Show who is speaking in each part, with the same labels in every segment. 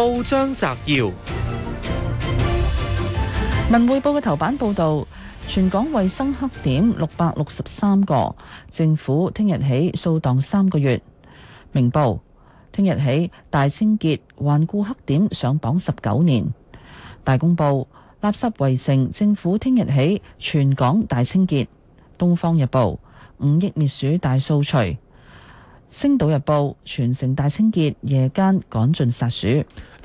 Speaker 1: 報章摘要：《文匯報》嘅頭版報道，全港衛生黑點六百六十三個，政府聽日起掃蕩三個月。《明報》聽日起大清潔，頑固黑點上榜十九年。《大公報》垃圾圍城，政府聽日起全港大清潔。《東方日報》五億滅鼠大掃除。《星島日報》全城大清潔，夜間趕盡殺鼠。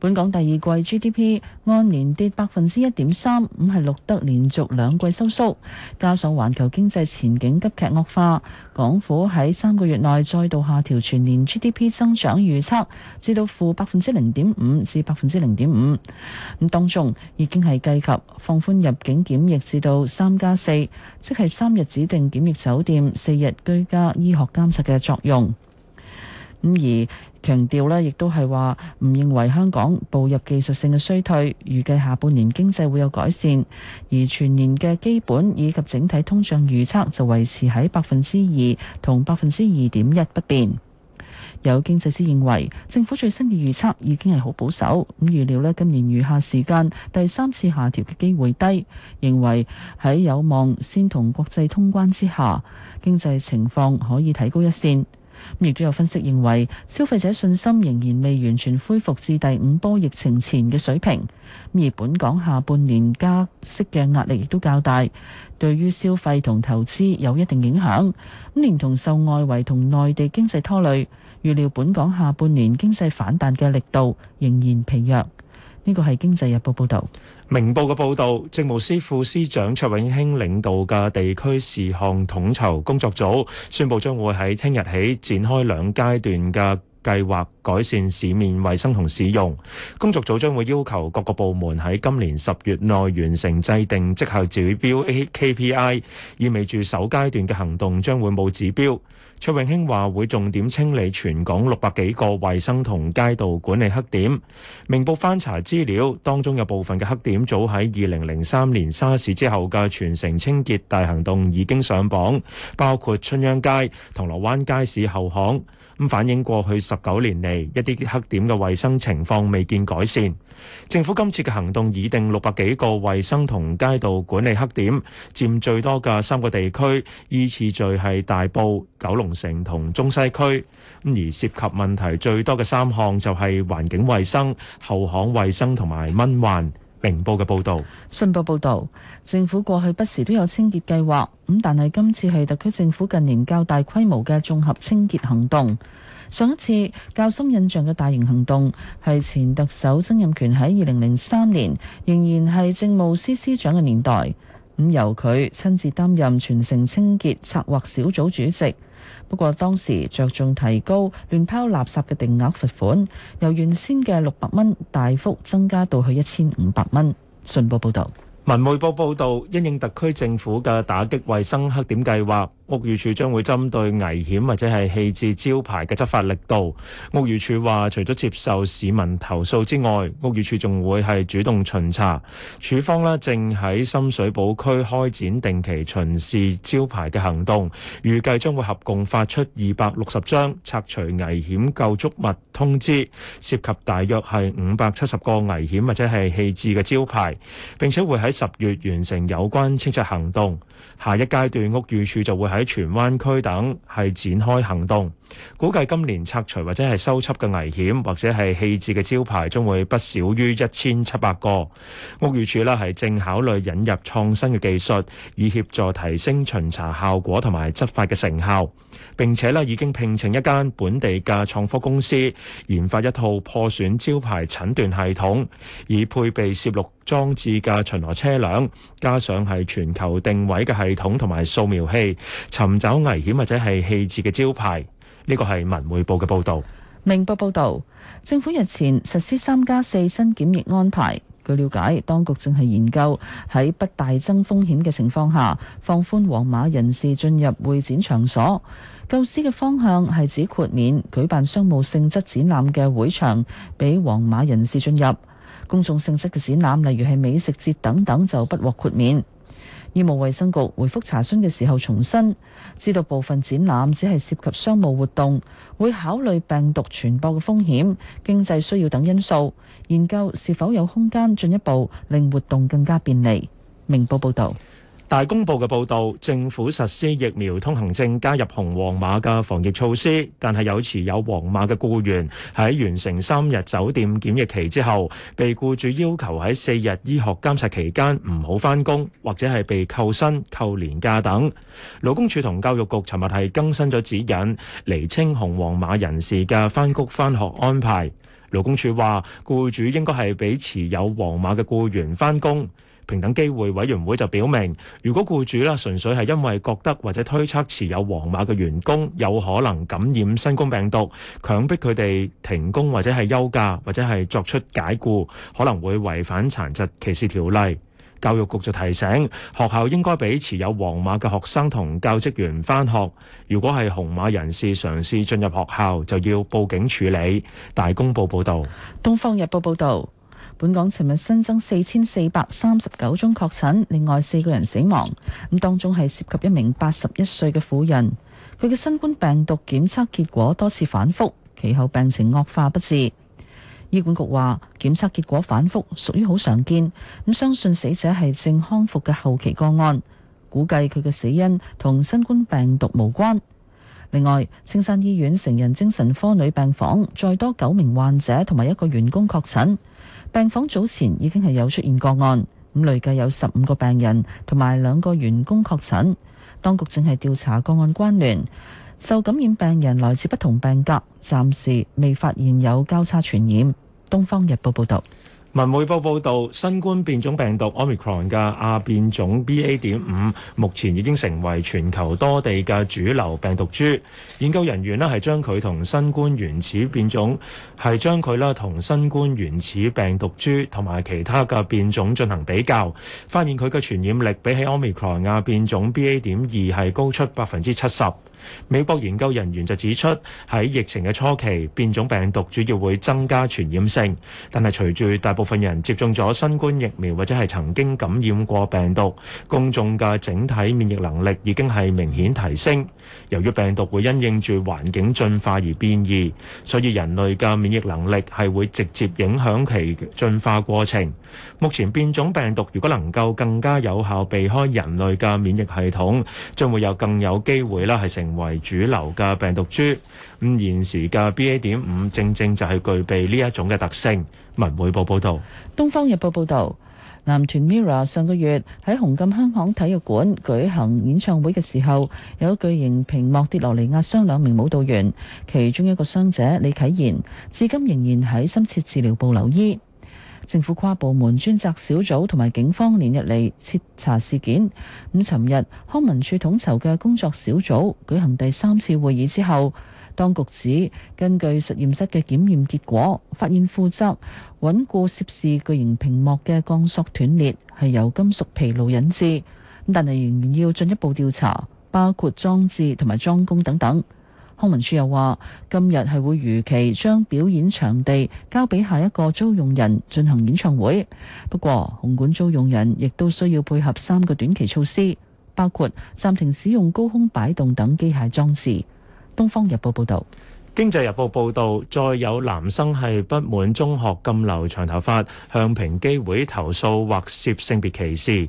Speaker 1: 本港第二季 GDP 按年跌百分之一點三，咁係錄得連續兩季收縮，加上環球經濟前景急劇惡化，港府喺三個月內再度下調全年 GDP 增長預測，至到負百分之零點五至百分之零點五。咁當中已經係計及放寬入境檢疫至到三加四，即係三日指定檢疫酒店、四日居家醫學監察嘅作用。咁而強調呢亦都係話唔認為香港步入技術性嘅衰退，預計下半年經濟會有改善，而全年嘅基本以及整體通脹預測就維持喺百分之二同百分之二點一不變。有經濟師認為，政府最新嘅預測已經係好保守，咁預料呢今年餘下時間第三次下調嘅機會低，認為喺有望先同國際通關之下，經濟情況可以提高一線。亦都有分析認為，消費者信心仍然未完全恢復至第五波疫情前嘅水平。而本港下半年加息嘅壓力亦都較大，對於消費同投資有一定影響。咁連同受外圍同內地經濟拖累，預料本港下半年經濟反彈嘅力度仍然疲弱。呢個係經濟日報報道，
Speaker 2: 明報嘅報道，政務司副司長卓永興領導嘅地區事項統籌工作組宣布將會喺聽日起展開兩階段嘅。計劃改善市面衞生同使用，工作組將會要求各個部門喺今年十月內完成制定績效指標 （AKPI），意味住首階段嘅行動將會冇指標。卓永興話會重點清理全港六百幾個衞生同街道管理黑點，明報翻查資料，當中有部分嘅黑點早喺二零零三年沙士之後嘅全城清潔大行動已經上榜，包括春秧街、銅鑼灣街市後巷。咁反映過去十九年嚟一啲黑點嘅衞生情況未見改善，政府今次嘅行動已定六百幾個衞生同街道管理黑點，佔最多嘅三個地區，依次序係大埔、九龍城同中西區。咁而涉及問題最多嘅三項就係環境衞生、後巷衞生同埋蚊患。明報嘅報導，
Speaker 1: 信報報導，政府過去不時都有清潔計劃，咁但係今次係特區政府近年較大規模嘅綜合清潔行動。上一次較深印象嘅大型行動係前特首曾蔭權喺二零零三年，仍然係政務司司長嘅年代，咁由佢親自擔任全城清潔策劃小組主席。不過當時着重提高亂拋垃圾嘅定額罰款，由原先嘅六百蚊大幅增加到去一千五百蚊。信報報導，
Speaker 2: 文匯報報導，因應特區政府嘅打擊衞生黑點計劃。屋宇署將會針對危險或者係棄置招牌嘅執法力度。屋宇署話，除咗接受市民投訴之外，屋宇署仲會係主動巡查。署方呢正喺深水埗區開展定期巡視招牌嘅行動，預計將會合共發出二百六十張拆除危險構築物通知，涉及大約係五百七十個危險或者係棄置嘅招牌，並且會喺十月完成有關清拆行動。下一階段屋宇署就會喺喺荃灣區等係展開行動。估計今年拆除或者係修葺嘅危險或者係棄置嘅招牌，將會不少於一千七百個。屋宇署呢係正考慮引入創新嘅技術，以協助提升巡查效果同埋執法嘅成效，並且呢已經聘請一間本地嘅創科公司研發一套破損招牌診斷系統，以配備攝錄裝置嘅巡邏車輛，加上係全球定位嘅系統同埋掃描器，尋找危險或者係棄置嘅招牌。呢個係文匯報嘅報導。
Speaker 1: 明報報導，政府日前實施三加四新檢疫安排。據了解，當局正係研究喺不大增風險嘅情況下，放寬黃碼人士進入會展場所。構思嘅方向係指豁免舉辦商務性質展覽嘅會場，俾黃碼人士進入。公眾性質嘅展覽，例如係美食節等等，就不獲豁免。醫務衛生局回覆查詢嘅時候重申，知道部分展覽只係涉及商務活動，會考慮病毒傳播嘅風險、經濟需要等因素，研究是否有空間進一步令活動更加便利。明報報道。
Speaker 2: 大公報嘅報導，政府實施疫苗通行證，加入紅黃碼嘅防疫措施。但係有持有黃碼嘅僱員喺完成三日酒店檢疫期之後，被僱主要求喺四日醫學監察期間唔好返工，或者係被扣薪、扣年假等。勞工處同教育局尋日係更新咗指引，釐清紅黃碼人士嘅返工返學安排。勞工處話，僱主應該係俾持有黃碼嘅僱員返工。平等機會委員會就表明，如果僱主啦，純粹係因為覺得或者推測持有黃碼嘅員工有可能感染新冠病毒，強迫佢哋停工或者係休假或者係作出解雇，可能會違反殘疾歧視條例。教育局就提醒學校應該俾持有黃碼嘅學生同教職員返學。如果係紅碼人士嘗試進入學校，就要報警處理。大公報報道。
Speaker 1: 東方日報報導。本港尋日新增四千四百三十九宗確診，另外四個人死亡。咁當中係涉及一名八十一歲嘅婦人，佢嘅新冠病毒檢測結果多次反覆，其後病情惡化不治。醫管局話檢測結果反覆屬於好常見，咁相信死者係正康復嘅後期個案，估計佢嘅死因同新冠病毒無關。另外，青山醫院成人精神科女病房再多九名患者同埋一個員工確診。病房早前已經係有出現個案，咁累計有十五個病人同埋兩個員工確診，當局正係調查個案關聯，受感染病人來自不同病格，暫時未發現有交叉傳染。《東方日報》報道。
Speaker 2: 文匯報報道，新冠變種病毒 Omicron 嘅亞變種 B A. 點五目前已經成為全球多地嘅主流病毒株。研究人員咧係將佢同新冠原始變種係將佢咧同新冠原始病毒株同埋其他嘅變種進行比較，發現佢嘅傳染力比起 Omicron 亞變種 B A. 點二係高出百分之七十。美國研究人員就指出，喺疫情嘅初期，變種病毒主要會增加傳染性。但係隨住大部分人接種咗新冠疫苗，或者係曾經感染過病毒，公眾嘅整體免疫能力已經係明顯提升。由於病毒會因應住環境進化而變異，所以人類嘅免疫能力係會直接影響其進化過程。目前變種病毒如果能夠更加有效避開人類嘅免疫系統，將會有更有機會啦係成為主流嘅病毒株，咁現時嘅 BA 點五正正就係具備呢一種嘅特性。文匯報報道，
Speaker 1: 東方日報報道，男團 Mira 上個月喺紅磡香港體育館舉行演唱會嘅時候，有巨型屏幕跌落嚟壓傷兩名舞蹈員，其中一個傷者李啟賢至今仍然喺深切治療部留醫。政府跨部門專責小組同埋警方連日嚟徹查事件。咁，尋日康文署統籌嘅工作小組舉行第三次會議之後，當局指根據實驗室嘅檢驗結果，發現負責穩固涉事巨型屏幕嘅鋼索斷裂係由金屬疲勞引致。但係仍然要進一步調查，包括裝置同埋裝工等等。康文署又話，今日係會如期將表演場地交俾下一個租用人進行演唱會。不過，紅館租用人亦都需要配合三個短期措施，包括暫停使用高空擺動等機械裝置。《東方日報》報導，《經
Speaker 2: 濟日報》報導，再有男生係不滿中學禁留長頭髮，向平機會投訴或涉性別歧視。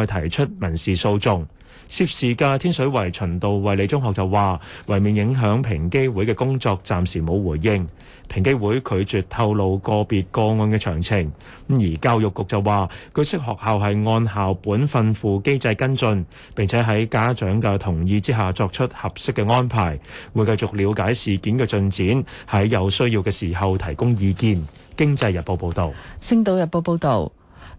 Speaker 2: 佢提出民事訴訟，涉事嘅天水圍循道衛理中學就話，為免影響平機會嘅工作，暫時冇回應。平機會拒絕透露個別個案嘅詳情。而教育局就話，據悉學校係按校本訓輔機制跟進，並且喺家長嘅同意之下作出合適嘅安排。會繼續了解事件嘅進展，喺有需要嘅時候提供意見。經濟日報報道，
Speaker 1: 星島日報報道。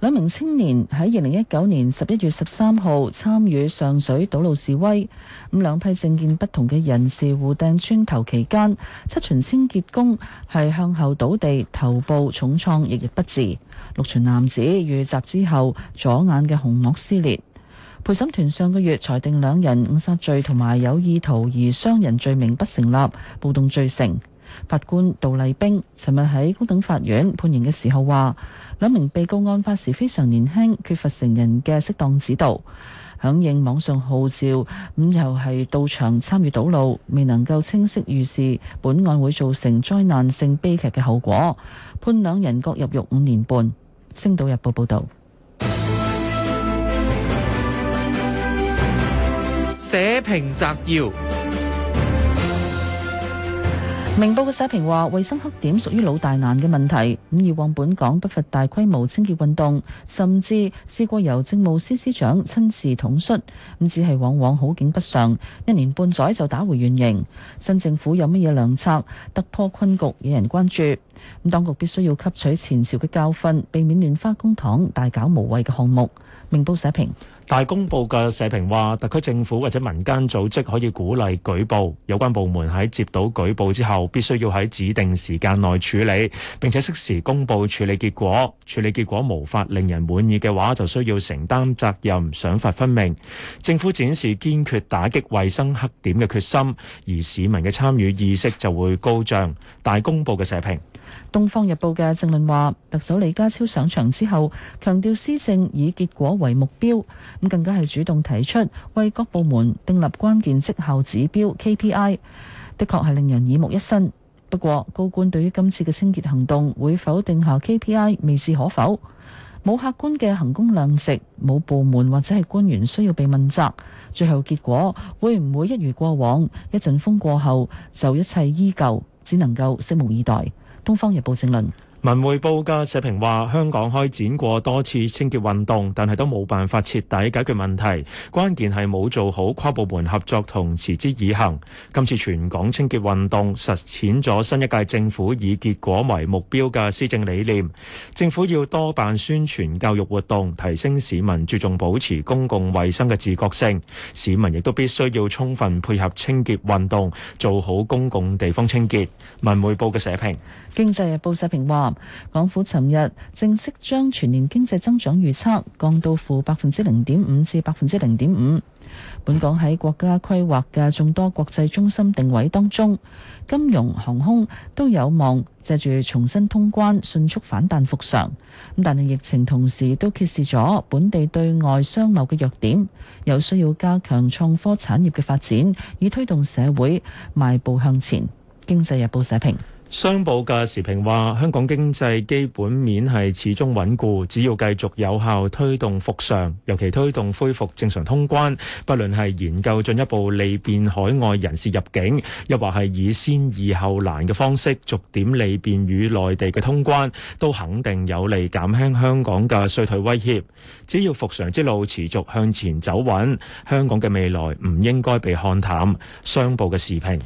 Speaker 1: 兩名青年喺二零一九年十一月十三號參與上水堵路示威，咁兩批政見不同嘅人士互掟磚頭期間，七旬清潔工係向後倒地，頭部重創，翌日不治；六旬男子遇襲之後，左眼嘅虹膜撕裂。陪審團上個月裁定兩人誤殺罪同埋有意圖而傷人罪名不成立，暴動罪成。法官杜麗冰尋日喺高等法院判刑嘅時候話，兩名被告案發時非常年輕，缺乏成人嘅適當指導，響應網上號召，咁又係到場參與堵路，未能夠清晰預示本案會造成災難性悲劇嘅後果，判兩人各入獄五年半。星島日報報道。社評摘要。明報嘅社評話，衛生黑點屬於老大難嘅問題，咁以往本港不乏大規模清潔運動，甚至試過由政務司司長親自統率，咁只係往往好景不常，一年半載就打回原形。新政府有乜嘢良策突破困局，引人關注。咁當局必須要吸取前朝嘅教訓，避免亂花公帑、大搞無謂嘅項目。明報社評。
Speaker 2: 大公報嘅社評話，特區政府或者民間組織可以鼓勵舉報，有關部門喺接到舉報之後，必須要喺指定時間內處理，並且適時公佈處理結果。處理結果無法令人滿意嘅話，就需要承擔責任，賞罰分明。政府展示堅決打擊衞生黑點嘅決心，而市民嘅參與意識就會高漲。大公報嘅社評。
Speaker 1: 《東方日報》嘅政論話，特首李家超上場之後，強調施政以結果為目標，咁更加係主動提出為各部門訂立關鍵績效指標 KPI，的確係令人耳目一新。不過，高官對於今次嘅清潔行動會否定下 KPI，未置可否，冇客觀嘅衡工量值，冇部門或者係官員需要被問責，最後結果會唔會一如過往，一陣風過後就一切依舊，只能夠拭目以待。《東方日報》正論。
Speaker 2: 文匯報嘅社評話：香港開展過多次清潔運動，但係都冇辦法徹底解決問題。關鍵係冇做好跨部門合作同持之以恆。今次全港清潔運動實踐咗新一屆政府以結果為目標嘅施政理念。政府要多辦宣傳教育活動，提升市民注重保持公共衛生嘅自覺性。市民亦都必須要充分配合清潔運動，做好公共地方清潔。文匯報嘅社評。
Speaker 1: 經濟日報社評話。港府尋日正式將全年經濟增長預測降到負百分之零點五至百分之零點五。本港喺國家規劃嘅眾多國際中心定位當中，金融、航空都有望借住重新通關迅速反彈復常。咁但係疫情同時都揭示咗本地對外商貿嘅弱點，有需要加強創科產業嘅發展，以推動社會邁步向前。經濟日報社評。
Speaker 2: 商報嘅時評話：香港經濟基本面係始終穩固，只要繼續有效推動復常，尤其推動恢復正常通關，不論係研究進一步利便海外人士入境，又或係以先易後難嘅方式逐點利便與內地嘅通關，都肯定有利減輕香港嘅衰退威脅。只要復常之路持續向前走穩，香港嘅未來唔應該被看淡。商報嘅時評。